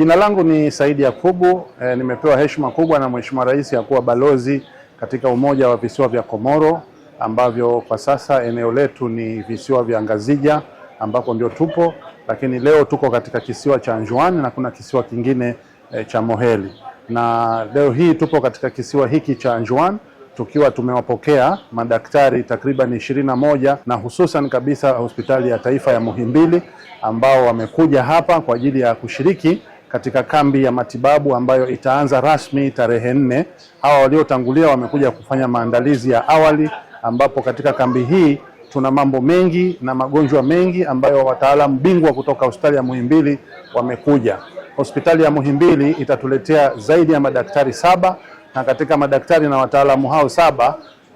Jina langu ni Saidi Yakubu. E, nimepewa heshima kubwa na Mheshimiwa Rais ya kuwa balozi katika Umoja wa Visiwa vya Komoro ambavyo kwa sasa eneo letu ni visiwa vya Ngazija ambako ndio tupo, lakini leo tuko katika kisiwa cha Anjuan na kuna kisiwa kingine e, cha Moheli, na leo hii tupo katika kisiwa hiki cha Anjuan tukiwa tumewapokea madaktari takriban ishirini na moja na hususan kabisa hospitali ya taifa ya Muhimbili ambao wamekuja hapa kwa ajili ya kushiriki katika kambi ya matibabu ambayo itaanza rasmi tarehe nne. Hawa waliotangulia wamekuja kufanya maandalizi ya awali, ambapo katika kambi hii tuna mambo mengi na magonjwa mengi ambayo wataalamu bingwa kutoka hospitali ya Muhimbili wamekuja. Hospitali ya Muhimbili itatuletea zaidi ya madaktari saba na katika madaktari na wataalamu hao saba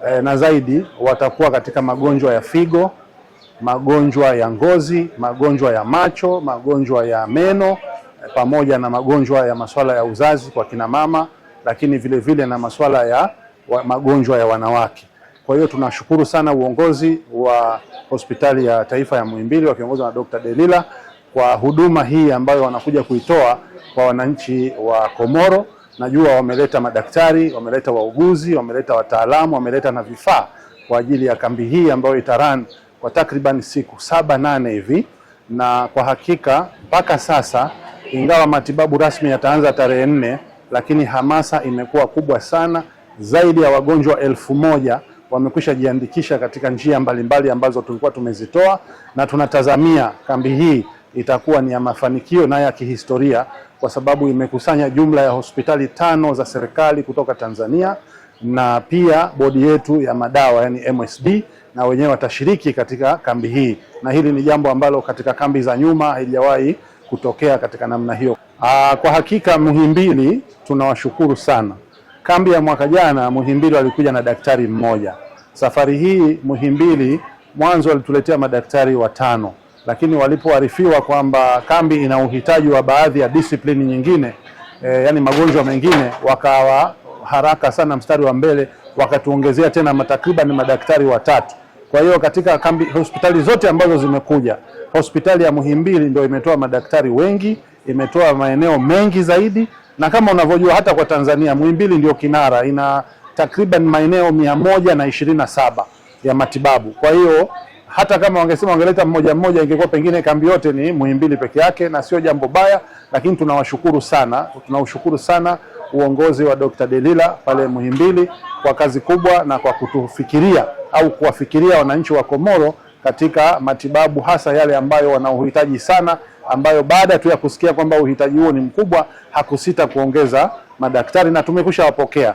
eh, na zaidi watakuwa katika magonjwa ya figo, magonjwa ya ngozi, magonjwa ya macho, magonjwa ya meno pamoja na magonjwa ya masuala ya uzazi kwa kina mama, lakini vile vile na masuala ya wa, magonjwa ya wanawake. Kwa hiyo tunashukuru sana uongozi wa hospitali ya taifa ya Muhimbili wakiongozwa na Dr. Delila kwa huduma hii ambayo wanakuja kuitoa kwa wananchi wa Komoro. Najua wameleta madaktari, wameleta wauguzi, wameleta wataalamu, wameleta na vifaa kwa ajili ya kambi hii ambayo itaran kwa takriban siku saba nane hivi, na kwa hakika mpaka sasa ingawa matibabu rasmi yataanza tarehe nne, lakini hamasa imekuwa kubwa sana. Zaidi ya wagonjwa elfu moja wamekwisha jiandikisha katika njia mbalimbali ambazo tulikuwa tumezitoa, na tunatazamia kambi hii itakuwa ni ya mafanikio na ya kihistoria, kwa sababu imekusanya jumla ya hospitali tano za serikali kutoka Tanzania na pia bodi yetu ya madawa yani MSD na wenyewe watashiriki katika kambi hii, na hili ni jambo ambalo katika kambi za nyuma haijawahi kutokea katika namna hiyo. Aa, ah, kwa hakika Muhimbili tunawashukuru sana. Kambi ya mwaka jana Muhimbili walikuja na daktari mmoja. Safari hii Muhimbili mwanzo walituletea madaktari watano, lakini walipoarifiwa kwamba kambi ina uhitaji wa baadhi ya disiplini nyingine e, yani magonjwa mengine, wakawa haraka sana mstari wa mbele, wakatuongezea tena matakriban madaktari watatu. Kwa hiyo katika kambi, hospitali zote ambazo zimekuja, hospitali ya Muhimbili ndio imetoa madaktari wengi, imetoa maeneo mengi zaidi, na kama unavyojua hata kwa Tanzania Muhimbili ndio kinara, ina takriban maeneo mia moja na ishirini na saba ya matibabu. Kwa hiyo hata kama wangesema wangeleta mmoja mmoja, ingekuwa pengine kambi yote ni Muhimbili peke yake, na sio jambo baya, lakini tunawashukuru sana, tunaushukuru sana uongozi wa Dr. Delila pale Muhimbili kwa kazi kubwa na kwa kutufikiria au kuwafikiria wananchi wa Komoro katika matibabu hasa yale ambayo wana uhitaji sana, ambayo baada tu ya kusikia kwamba uhitaji huo ni mkubwa hakusita kuongeza madaktari na tumekusha wapokea.